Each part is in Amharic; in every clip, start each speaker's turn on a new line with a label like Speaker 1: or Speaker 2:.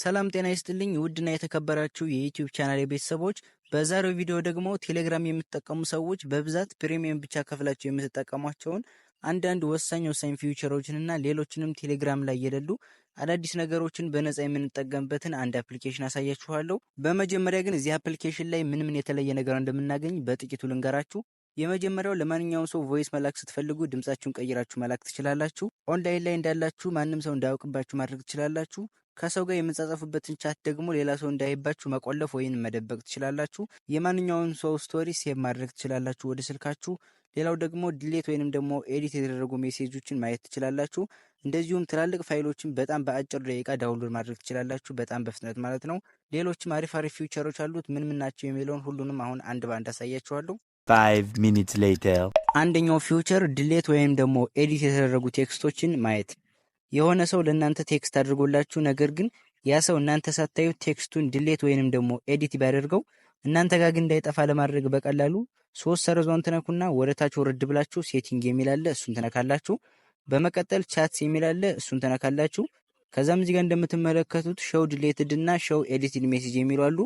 Speaker 1: ሰላም ጤና ይስጥልኝ ውድና የተከበራችሁ የዩቲዩብ ቻናል ቤተሰቦች፣ በዛሬው ቪዲዮ ደግሞ ቴሌግራም የምትጠቀሙ ሰዎች በብዛት ፕሪሚየም ብቻ ከፍላችሁ የምትጠቀሟቸውን አንዳንድ ወሳኝ ወሳኝ ፊውቸሮችንና ሌሎችንም ቴሌግራም ላይ የሌሉ አዳዲስ ነገሮችን በነጻ የምንጠቀምበትን አንድ አፕሊኬሽን አሳያችኋለሁ። በመጀመሪያ ግን እዚህ አፕሊኬሽን ላይ ምን ምን የተለየ ነገር እንደምናገኝ በጥቂቱ ልንገራችሁ። የመጀመሪያው ለማንኛውም ሰው ቮይስ መላክ ስትፈልጉ ድምጻችሁን ቀይራችሁ መላክ ትችላላችሁ። ኦንላይን ላይ እንዳላችሁ ማንም ሰው እንዳያውቅባችሁ ማድረግ ትችላላችሁ። ከሰው ጋር የምጻጻፉበትን ቻት ደግሞ ሌላ ሰው እንዳይባችሁ መቆለፍ ወይም መደበቅ ትችላላችሁ። የማንኛውን ሰው ስቶሪ ሴቭ ማድረግ ትችላላችሁ ወደ ስልካችሁ። ሌላው ደግሞ ድሌት ወይንም ደግሞ ኤዲት የተደረጉ ሜሴጆችን ማየት ትችላላችሁ። እንደዚሁም ትላልቅ ፋይሎችን በጣም በአጭር ደቂቃ ዳውንሎድ ማድረግ ትችላላችሁ፣ በጣም በፍጥነት ማለት ነው። ሌሎችም አሪፍ አሪፍ ፊውቸሮች አሉት። ምን ምን ናቸው የሚለውን ሁሉንም አሁን አንድ በአንድ አሳያችኋለሁ። አንደኛው ፊውቸር ድሌት ወይም ደግሞ ኤዲት የተደረጉ ቴክስቶችን ማየት የሆነ ሰው ለእናንተ ቴክስት አድርጎላችሁ ነገር ግን ያ ሰው እናንተ ሳታዩት ቴክስቱን ድሌት ወይንም ደግሞ ኤዲት ቢያደርገው እናንተ ጋር ግን እንዳይጠፋ ለማድረግ በቀላሉ ሶስት ሰረዟን ትነኩና ወደታች ወረድ ብላችሁ ሴቲንግ የሚላለ እሱን ትነካላችሁ። በመቀጠል ቻትስ የሚላለ እሱን ትነካላችሁ። ከዛም እዚጋ እንደምትመለከቱት ሸው ድሌትድ እና ሸው ኤዲትድ ሜሴጅ የሚሉ አሉ።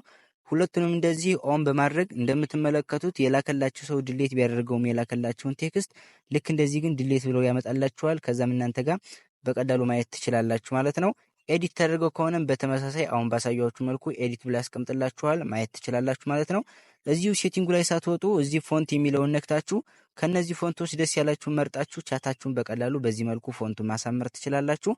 Speaker 1: ሁለቱንም እንደዚህ ኦን በማድረግ እንደምትመለከቱት የላከላችሁ ሰው ድሌት ቢያደርገውም የላከላችሁን ቴክስት ልክ እንደዚህ ግን ድሌት ብለው ያመጣላችኋል። ከዛም እናንተ ጋር በቀላሉ ማየት ትችላላችሁ ማለት ነው። ኤዲት ተደርገው ከሆነም በተመሳሳይ አሁን ባሳያችሁ መልኩ ኤዲት ብላ ያስቀምጥላችኋል ማየት ትችላላችሁ ማለት ነው። እዚሁ ሴቲንጉ ላይ ሳትወጡ እዚህ ፎንት የሚለውን ነክታችሁ ከነዚህ ፎንቶች ደስ ያላችሁ መርጣችሁ ቻታችሁን በቀላሉ በዚህ መልኩ ፎንቱን ማሳመር ትችላላችሁ።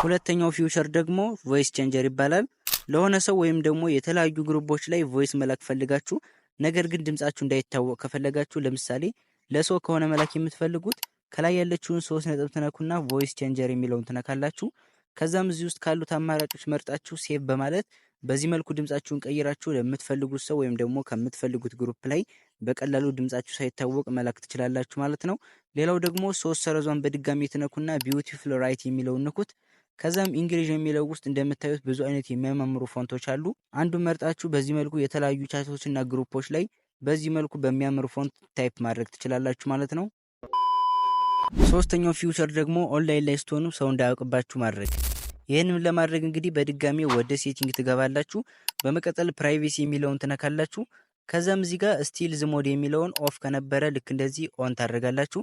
Speaker 1: ሁለተኛው ፊውቸር ደግሞ ቮይስ ቼንጀር ይባላል። ለሆነ ሰው ወይም ደግሞ የተለያዩ ግሩቦች ላይ ቮይስ መላክ ፈልጋችሁ ነገር ግን ድምጻችሁ እንዳይታወቅ ከፈለጋችሁ ለምሳሌ ለሰው ከሆነ መላክ የምትፈልጉት ከላይ ያለችውን ሶስት ነጥብ ትነኩና ቮይስ ቼንጀር የሚለውን ትነካላችሁ። ከዛም እዚህ ውስጥ ካሉት አማራጮች መርጣችሁ ሴቭ በማለት በዚህ መልኩ ድምጻችሁን ቀይራችሁ ለምትፈልጉት ሰው ወይም ደግሞ ከምትፈልጉት ግሩፕ ላይ በቀላሉ ድምጻችሁ ሳይታወቅ መላክ ትችላላችሁ ማለት ነው። ሌላው ደግሞ ሶስት ሰረዟን በድጋሚ ትነኩና ቢዩቲፉል ራይት የሚለውን ንኩት። ከዛም እንግሊዥ የሚለው ውስጥ እንደምታዩት ብዙ አይነት የሚያማምሩ ፎንቶች አሉ። አንዱን መርጣችሁ በዚህ መልኩ የተለያዩ ቻቶችና ግሩፖች ላይ በዚህ መልኩ በሚያምር ፎንት ታይፕ ማድረግ ትችላላችሁ ማለት ነው። ሶስተኛው ፊውቸር ደግሞ ኦንላይን ላይ ስትሆኑ ሰው እንዳያውቅባችሁ ማድረግ። ይህንም ለማድረግ እንግዲህ በድጋሚ ወደ ሴቲንግ ትገባላችሁ። በመቀጠል ፕራይቬሲ የሚለውን ትነካላችሁ። ከዛም እዚህ ጋር ስቲል ዝሞድ የሚለውን ኦፍ ከነበረ ልክ እንደዚህ ኦን ታደርጋላችሁ።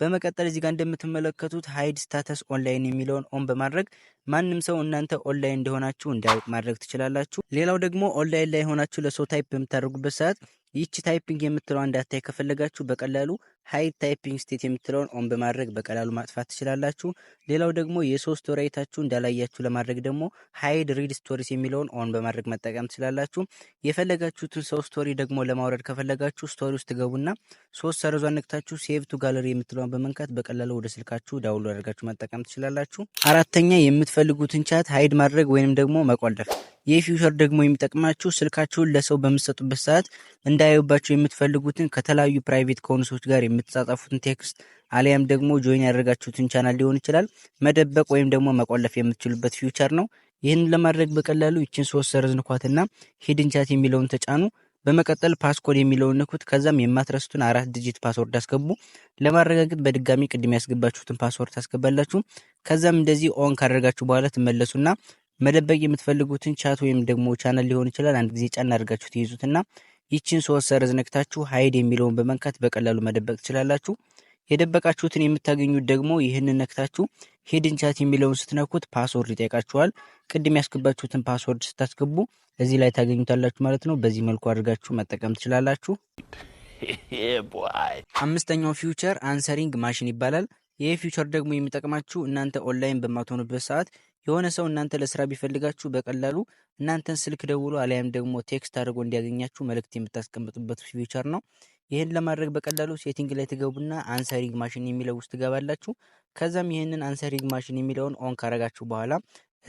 Speaker 1: በመቀጠል እዚህ ጋር እንደምትመለከቱት ሃይድ ስታተስ ኦንላይን የሚለውን ኦን በማድረግ ማንም ሰው እናንተ ኦንላይን እንደሆናችሁ እንዳያውቅ ማድረግ ትችላላችሁ። ሌላው ደግሞ ኦንላይን ላይ ሆናችሁ ለሰው ታይፕ በምታደርጉበት ሰዓት ይቺ ታይፒንግ የምትለው እንዳታይ ከፈለጋችሁ በቀላሉ ሃይ ታይፒንግ ስቴት የምትለውን ኦን በማድረግ በቀላሉ ማጥፋት ትችላላችሁ። ሌላው ደግሞ የሶስት ወር አይታችሁ እንዳላያችሁ ለማድረግ ደግሞ ሃይድ ሪድ ስቶሪስ የሚለውን ኦን በማድረግ መጠቀም ትችላላችሁ። የፈለጋችሁትን ሰው ስቶሪ ደግሞ ለማውረድ ከፈለጋችሁ ስቶሪ ውስጥ ገቡና ሶስት ሰረዟ ነክታችሁ ሴቭ ቱ ጋለሪ የምትለውን በመንካት በቀላሉ ወደ ስልካችሁ ዳውንሎድ አድርጋችሁ መጠቀም ትችላላችሁ። አራተኛ የምትፈልጉትን ቻት ሀይድ ማድረግ ወይንም ደግሞ መቆለፍ ይህ ፊውቸር ደግሞ የሚጠቅማችሁ ስልካችሁን ለሰው በምትሰጡበት ሰዓት እንዳያዩባቸው የምትፈልጉትን ከተለያዩ ፕራይቬት ከሆኑ ሰዎች ጋር የምትጻጻፉትን ቴክስት አሊያም ደግሞ ጆይን ያደረጋችሁትን ቻናል ሊሆን ይችላል መደበቅ ወይም ደግሞ መቆለፍ የምትችሉበት ፊውቸር ነው። ይህንን ለማድረግ በቀላሉ ይችን ሶስት ሰረዝ ንኳትና ሂድን ቻት የሚለውን ተጫኑ። በመቀጠል ፓስኮድ የሚለውን ንኩት። ከዛም የማትረሱትን አራት ዲጂት ፓስወርድ አስገቡ። ለማረጋገጥ በድጋሚ ቅድም ያስገባችሁትን ፓስወርድ ታስገባላችሁ። ከዛም እንደዚህ ኦን ካደረጋችሁ በኋላ ትመለሱና መደበቅ የምትፈልጉትን ቻት ወይም ደግሞ ቻናል ሊሆን ይችላል አንድ ጊዜ ጫና አድርጋችሁ ትይዙትና ይችን ሶስት ሰረዝ ነክታችሁ ሀይድ የሚለውን በመንካት በቀላሉ መደበቅ ትችላላችሁ። የደበቃችሁትን የምታገኙት ደግሞ ይህንን ነክታችሁ ሂድን ቻት የሚለውን ስትነኩት ፓስወርድ ይጠይቃችኋል። ቅድም ያስገባችሁትን ፓስወርድ ስታስገቡ እዚህ ላይ ታገኙታላችሁ ማለት ነው። በዚህ መልኩ አድርጋችሁ መጠቀም ትችላላችሁ። አምስተኛው ፊውቸር አንሰሪንግ ማሽን ይባላል። ይህ ፊውቸር ደግሞ የሚጠቅማችሁ እናንተ ኦንላይን በማትሆኑበት ሰዓት የሆነ ሰው እናንተ ለስራ ቢፈልጋችሁ በቀላሉ እናንተን ስልክ ደውሎ አሊያም ደግሞ ቴክስት አድርጎ እንዲያገኛችሁ መልእክት የምታስቀምጡበት ፊውቸር ነው። ይህን ለማድረግ በቀላሉ ሴቲንግ ላይ ትገቡና አንሰሪንግ ማሽን የሚለው ውስጥ ትገባላችሁ። ከዛም ይህንን አንሰሪንግ ማሽን የሚለውን ኦን ካረጋችሁ በኋላ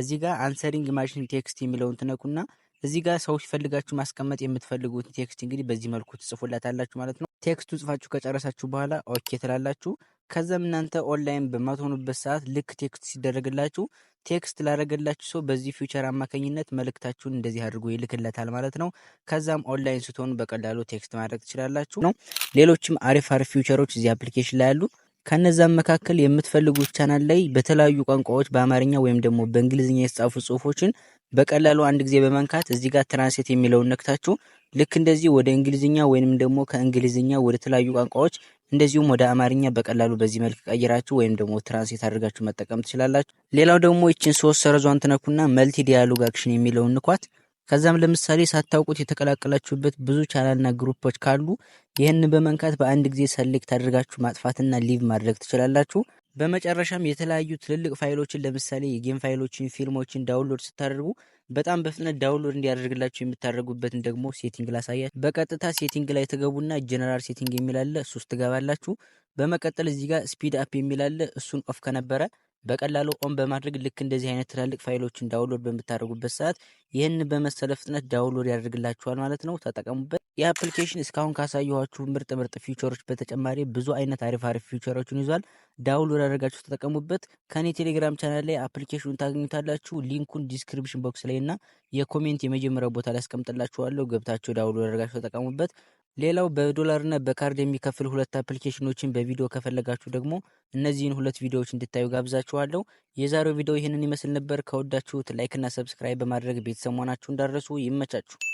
Speaker 1: እዚህ ጋር አንሰሪንግ ማሽን ቴክስት የሚለውን ትነኩና እዚህ ጋር ሰው ሲፈልጋችሁ ማስቀመጥ የምትፈልጉት ቴክስት እንግዲህ በዚህ መልኩ ትጽፉላታላችሁ ማለት ነው። ቴክስቱ ጽፋችሁ ከጨረሳችሁ በኋላ ኦኬ ትላላችሁ። ከዛም እናንተ ኦንላይን በማትሆኑበት ሰዓት ልክ ቴክስት ሲደረግላችሁ ቴክስት ላደረገላችሁ ሰው በዚህ ፊውቸር አማካኝነት መልእክታችሁን እንደዚህ አድርጎ ይልክለታል ማለት ነው። ከዛም ኦንላይን ስትሆኑ በቀላሉ ቴክስት ማድረግ ትችላላችሁ ነው። ሌሎችም አሪፍ አሪፍ ፊውቸሮች እዚህ አፕሊኬሽን ላይ አሉ። ከነዛም መካከል የምትፈልጉት ቻናል ላይ በተለያዩ ቋንቋዎች በአማርኛ ወይም ደግሞ በእንግሊዝኛ የተጻፉ ጽሁፎችን በቀላሉ አንድ ጊዜ በመንካት እዚህ ጋር ትራንስሌት የሚለውን ነክታችሁ ልክ እንደዚህ ወደ እንግሊዝኛ ወይንም ደግሞ ከእንግሊዝኛ ወደ ተለያዩ ቋንቋዎች እንደዚሁም ወደ አማርኛ በቀላሉ በዚህ መልክ ቀይራችሁ ወይም ደግሞ ትራንስሌት አድርጋችሁ መጠቀም ትችላላችሁ። ሌላው ደግሞ ይችን ሶስት ሰረዟን ትነኩና መልቲ ዲያሎግ አክሽን የሚለውን ንኳት። ከዛም ለምሳሌ ሳታውቁት የተቀላቀላችሁበት ብዙ ቻናልና ግሩፖች ካሉ ይህን በመንካት በአንድ ጊዜ ሰሌክት አድርጋችሁ ማጥፋትና ሊቭ ማድረግ ትችላላችሁ። በመጨረሻም የተለያዩ ትልልቅ ፋይሎችን ለምሳሌ የጌም ፋይሎችን፣ ፊልሞችን ዳውንሎድ ስታደርጉ በጣም በፍጥነት ዳውንሎድ እንዲያደርግላችሁ የምታደርጉበትን ደግሞ ሴቲንግ ላሳያል። በቀጥታ ሴቲንግ ላይ ትገቡና ጀነራል ሴቲንግ የሚላለ እሱ ውስጥ ትገባላችሁ። በመቀጠል እዚህ ጋር ስፒድ አፕ የሚላለ እሱን ኦፍ ከነበረ በቀላሉ ኦን በማድረግ ልክ እንደዚህ አይነት ትላልቅ ፋይሎችን ዳውንሎድ በምታደርጉበት ሰዓት ይህንን በመሰለ ፍጥነት ዳውንሎድ ያደርግላችኋል ማለት ነው። ተጠቀሙበት። ይህ አፕሊኬሽን እስካሁን ካሳየኋችሁ ምርጥ ምርጥ ፊውቸሮች በተጨማሪ ብዙ አይነት አሪፍ አሪፍ ፊውቸሮችን ይዟል። ዳውንሎድ ያደርጋችሁ ተጠቀሙበት። ከኔ ቴሌግራም ቻናል ላይ አፕሊኬሽኑን ታገኙታላችሁ። ሊንኩን ዲስክሪፕሽን ቦክስ ላይ እና የኮሜንት የመጀመሪያው ቦታ ላይ አስቀምጥላችኋለሁ። ገብታችሁ ዳውንሎድ ያደርጋችሁ ተጠቀሙበት። ሌላው በዶላር እና በካርድ የሚከፍል ሁለት አፕሊኬሽኖችን በቪዲዮ ከፈለጋችሁ ደግሞ እነዚህን ሁለት ቪዲዮዎች እንድታዩ ጋብዛችኋለሁ። የዛሬው ቪዲዮ ይህንን ይመስል ነበር። ከወዳችሁት ላይክና ሰብስክራይብ በማድረግ ቤተሰብ መሆናችሁ እንዳረሱ ይመቻችሁ።